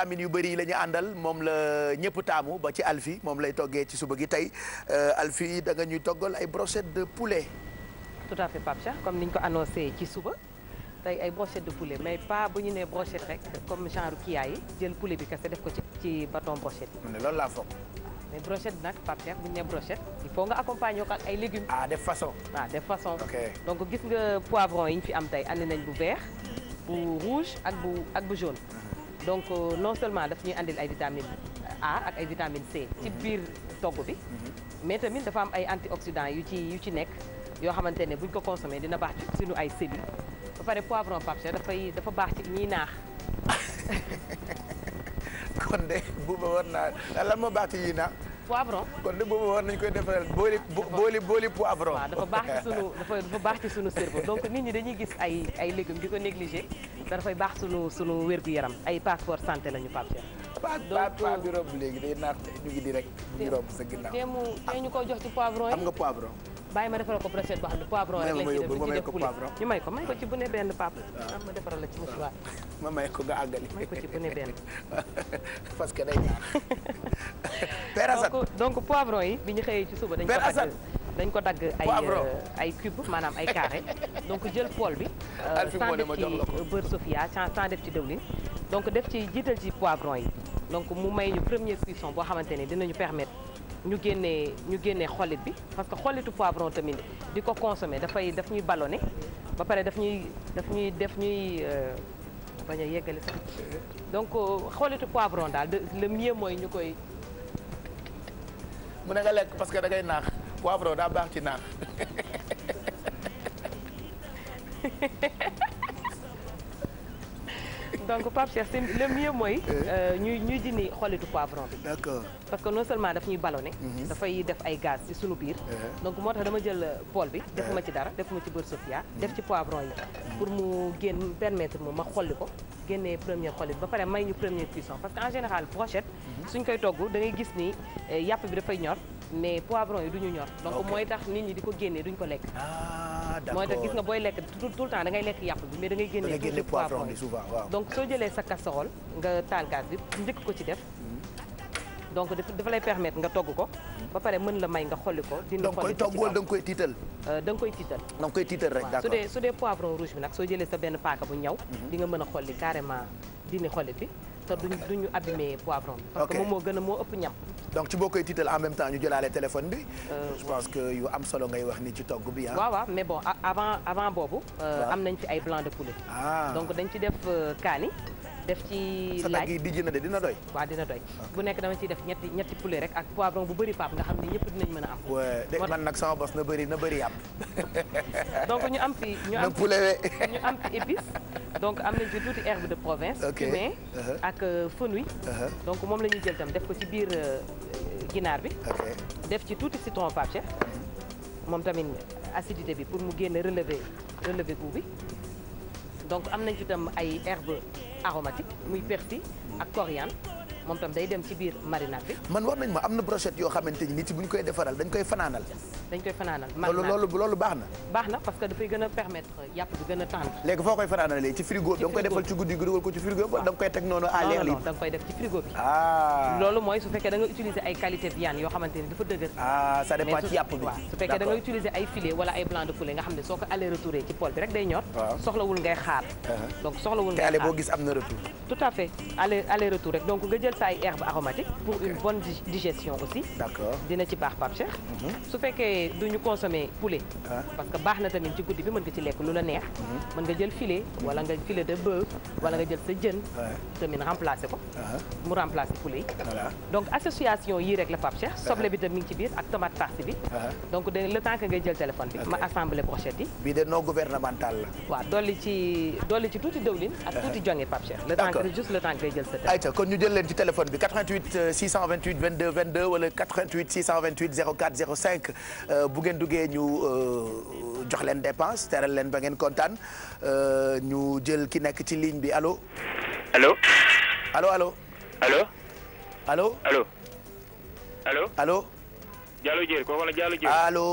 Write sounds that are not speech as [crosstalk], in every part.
vitamines yu bëri yi la ñu àndal moom la ñëpp taamu ba ci Alfi moom lay toggee ci suba gi tey euh, Alfi da nga ñuy toggal ay brochette de poulet. tout à fait Pape comme niñ ko annoncé ci suba tey ay brochette de poulet mais pas bu ñu nee brochette rek comme genre kiyaa yi jël poulet bi kese def ko ci ci baton brochette. mu ne loolu laa foog. mais brochette nag Pape Cheikh bu ñu nee nga accompagner ko ak ay légumes. Ah, de façon. ah de donc gis nga poivron yi ñu fi am tey andi nañ bu vert bu rouge ak bu ak bu jaune. donc euh, non seulement daf ñuy andil ay vitamine A ak ay vitamine C. ci mhm. biir togg bi. Mhm. mais tamit dafa am ay antioxydants yu ci yu ci nekk yoo xamante ne buñ ko consommé dina baax ci suñu ay cellules. ba pare poivron Pape Cheikh dafay dafa baax ci ñiy naax. [laughs] kon de buuba war naa lan moo baax ci ñiy naax. poivron kon de boobu war nañ koy defaral booli booli booli poivron. waaw dafa baax ci sunu [laughs] dafa sunu cerveau donc nit ñi dañuy gis ay ay légumes di ko négligé. dafay baax sunu sunu wér-gu-yaram ay passeport santé lañu Pape Cheikh. Pa Pa euh, bi romb léegi day naat ñu ngi di rek. ñu romb sa ginnaaw te mu te ñu ko jox ci poivron yi am nga poivron. bàyyi ma defaral ko brochette boo xam ne poivron rek lañ ci def ci def poulet ñu may ko may ko ci bu ne benn papa am ma defaral la ci mosu [laughs] waat ma may ko nga àggali may ko ci bu ne benn [laughs] parce que day ñaar [laughs] Père Assane donc poivron yi bi ñu xëyee ci suba dañ ko dagg dañ ko dagg ay euh, ay cube maanaam ay carré donc jël pool bi Euh, euh, ah, sans def ci beurre sofia sans def ci dëwlin donc def ci jiital ci poivron yi donc mu may ñu première cuisson boo xamante ne dinañu permettre ñu génnee ñu génnee xollit bi parce que xollitu poivron tamit di ko consommer dafay daf ñuy ballonné ba pare daf ñuy daf ñuy def ñuy euh, bañ a yeggale sax donc xollitu poivron daal le mieux mooy ñu koy mu na nga lekk parce que da ngay naax poivron daa baax ci naax [laughs] [laughs] donc Pape Cheikh c'est le mieux mooy. Eh. Euh, ñuy ñuy dindi xolitu poivron bi. d'accord parce que non seulement daf ñuy ballonné. Mhm. dafay def ay gaz ci sunu biir. Eh. donc moo tax dama jël euh, pool bi. Eh. defuma ci dara defuma ci beurre sofia. Mhm. def ci poivron yi. Mhm. pour mu génn permetre mu ma xoli ko génnee première xollit ba pare may ñu première cuisson parce que en général brochette. suñ koy togg da ngay gis ni euh, yàpp bi dafay ñor mais poivron yi duñu ñor. donc mooy tax nit ñi di ko génnee duñ ko lekk. Ah. mooy tax gis nga booy lekk tout le temps da ngay lekk yàpp bi mais da ngay génne poivron bi souvent donc soo jëlee sa casserole nga taal gaz bi njëkk ko ci def donc dafa lay permettre nga togg ko ba pare mën la may nga xolli ko dina xolli ko ci euh, da nga koy tiital da koy tiital da koy tiital rek d'accord su dee su dee poivron rouge bi nag soo jëlee sa benn paaka bu ñaw mhm. di nga mën a xolli carrément dini xolli bi te duñ duñu abîmer poivron bi parce que moom moo gën a moo ëpp ñam donc ci boo koy tiital en même temps ñu jëlaale téléphone bi. Euh, je pense que yu am solo ngay wax ni ci togg bi a waaw waaw mais bon avant avant boobu. Euh, am nañ ci ay blanc de poulet. Ah. donc dañ ci def euh, kaani. def ci laaj yi dijj na de dina doy waa dina doy bu nekk dama ciy def ñetti ñetti poulet rek ak poivron bu bëri pap nga xam ne ñëpp dinañ mën a am de man nag sama bos na bëri na bëri yàpp [laughs] donc ñu am fi ñu am ñu donc am nañ fi tuuti herbe de province cumin uh-huh. ak euh, fenouil uh-huh. donc moom la jël tam def ko ci biir euh, ginaar bi def ci tuuti citron Pape Cheikh mm-hmm. moom tamit acidité bi pour mu génn relever relever goût bi donc am nañ fi tam ay herbe aromatique muy persil ak coriandre moom tam day dem ci biir marinade bi. man war nañ ma am na brochette yoo xamante nit yi ñu koy defaral dañ koy fanaanal. loolu baax na. baax na parce que dafay gën a permettre yàpp bi gën a tendre. léegi foo koy fanaanalee ci ci frigo bi wala koy teg noonu à l'air libre. koy def ci frigo bi. Ah. loolu mooy su fekkee da nga ay qualité viande yoo xamante ni dafa dëgër. ah yàpp bi su fekkee da nga ay filet wala ay blanc de poulet nga xam ne soo ko sa ay herbes aromatiques pour okay. une bonne digestion aussi dina ci baax Pape Cheikh mhm. su fekkee du ñu consommer poulet ah. parce que baax na tamit ci guddi bi mën nga ci lekk lu la neex mhm. mën nga jël filet wala nga filet de bœuf wala nga jël sa jën tamit remplacer ko ah. mu remplacer poulet yi donc association yii rek la Pape Cheikh ah. soble bi tam mi ci biir ak tomate farci bi donc le temps ngay jël téléphone bi ma assemblé brochette yi bi de non gouvernemental la waaw dolli ci dolli ci tuuti dëwlin téléphone bi 88 628 22 22 wala 88 628 04 05 bu ngeen duggee ñu euh, jox leen dépense teral leen ba ngeen kontaan euh, ñu jël ki nekk ci ligne bi allo. allo. allo allo. allo. allo. allo. allo. allo. Diallo Dieng kooku la Diallo Dieng. allo.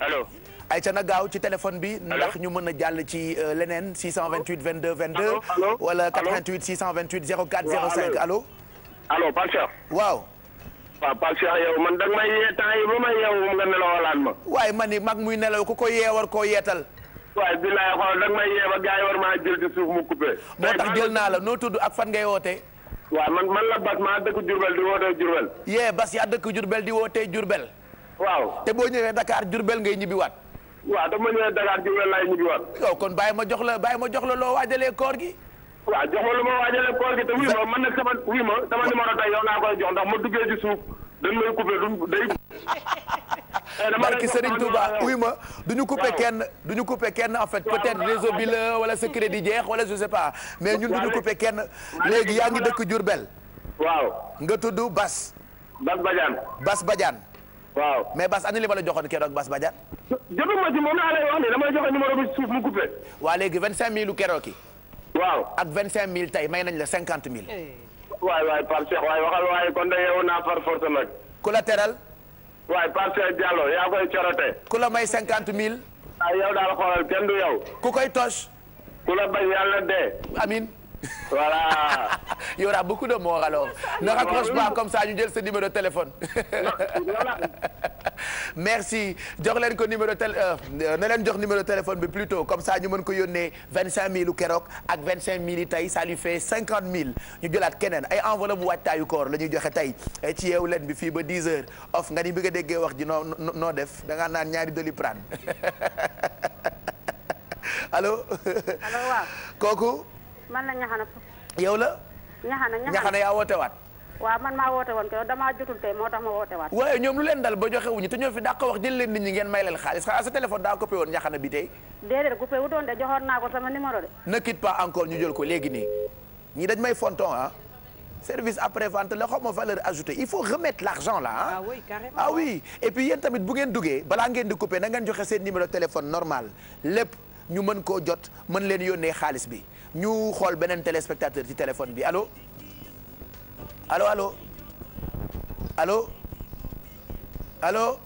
allo. ayca na gaaw ci téléphone bi. ndax ñu mën a jàll ci euh, leneen 628 22 22. wala 88 628 04 05 allo. allo Pape Cheikh. waaw. waaw Pape Cheikh yow man danga may yee temps yi ba may yeewu nga nelawalaat ma. waaye man yi mag muy nelaw ku ko yee war koo yeetal. waaye billaay xool danga may yee ba gars yi war maa jël ci suuf mu coupé. moo tax jël naa la noo tudd ak fan ngay wootee. waaw man man la Bas maa dëkk Diourbel di wootee Diourbel. yee Bas yaa dëkk Diourbel di wootee jurbel waaw te boo ñëwee Dakar jurbel ngay ñibbiwaat. waaw dama ñëwee Dakar Diourbel laay yow kon bàyyi ma jox la bàyyi ma jox la loo waajalee koor gi. waa jox ma lu ma waajale koor gi te wuy ma man nag sama wuy ma sama numéro tey yow naa koy jox ndax ma duggee ci suuf dañ may coupé du day. [laughs] Eh, barki kenn du ñu coupé kenn en fait peut-être réseau bi la wala sa crédit jeex wala je sais pas mais ñun du ñu coupé kenn léegi yaa ngi dëkk Diourbel. waaw nga tudd Bas. Bas Badiane. Bas Badiane. waaw mais Bas ana li ma la joxoon keroog Bas Badiane. jotuma ci moom laa lay wax ne damay joxe numéro bi suuf mu coupé. waaw ak vingt cinq mille tey may nañ la cinquante mille. Eh. waay waay par waxal waay kon de yow naa par force ku la teral. waay par Cheikh Diallo yaa koy corote. ku la may cinquante mille. Ah, daal xoolal kenn du yow. ku koy tos. ku la bañ yàlla dee. amin voilà. [laughs] y aura beaucoup de morts alors. ne raccroche pas comme ça ñu jël sa numéro de [laughs] merci jox leen ko numéro tel euh, euh, na leen jox numéro téléphone bi plutôt comme ça ñu mën ko yónnee vingt cinq mille u keroog ak vingt cinq mille yi tey saa lui fait cinquante mille ñu jëlaat keneen ay enveloppe bu waajtaayu koor lañuy ñuy joxe tey euh, ci yeewu leen bi fii ba dix heures off nga ni bi nga déggee wax ji noo noo def da ngaa naan ñaari doliprane [laughs] allo. allo waaw. kooku. man la ñaxana. yow la. ñaxana ñaxana yaa woote waat. waa man maa woote woon keroog damaa jotul tey moo tax ma woote waat waaye ñoom lu leen dal ba joxe wuñu te ñoom fi daa ko wax jël leen nit ñi ngeen may leen xaalis xanaa sa téléphone daa coupé woon ñaxana bi tey déedéet coupé wu doon de joxoon naa ko sama numéro de ne pas encore ñu jël ko léegi nii ñii dañ may fonton ah service après vente la xaw ma valeur ajoutée il faut remettre l'argent ah. ah oui carrément ah yéen tamit bu ngeen duggee balaa ngeen di couper na ngeen joxe seen numéro téléphone normal lépp ñu mën koo jot mën leen yónnee xaalis bi ñu xool beneen téléspectateur ci téléphone bi allo. alo alo alo allo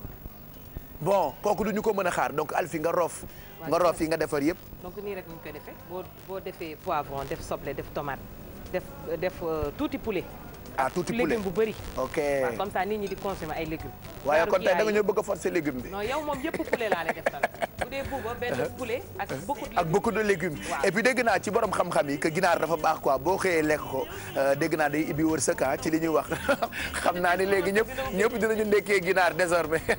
bon kooku du ñu ko mën a xaar donc Alfi nga roof. nga roof yi nga defar yëpp. donc nii rek ñu koy defee boo boo defee poivron def soble def tomate def def euh, tuuti poulet. ah tuuti poulet légume bu bari ok waaw comme ça nit ñi di consommer ay légumes. waaye kon tey da ñëw bëgg a forcer légume bi. non yow moom yëpp poulet laa lay defal. bu dee buuba benn uh-huh. poulet ak uh-huh. beaucoup de ak beaucoup de légumes et dégg naa ci borom xam-xam yi que ginaar dafa baax quoi boo xëyee lekk ko euh, dégg naa day ibi wër sëkk ah, ci li ñuy wax [laughs] xam naa ni léegi ñëpp ñëpp dinañu ndekkee ginaar désormais [laughs]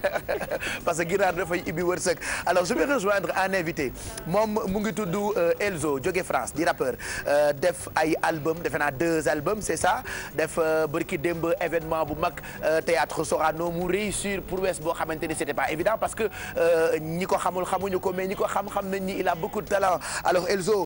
parce que ginaar dafay ibi wër sëkk alors je vais rejoindre un invité moom mu ngi tudd euh, Elzo joge France di rappeur euh, def ay album defe naa deux albums c'est ça def bërki démb événement bu mag théâtre Sorano mu réussir prouesse boo xamante ni c'était parce que ñi ko xamuñu ko mais ñi ko xam-xam nañ ni il a beaucoup de talent alors Elzo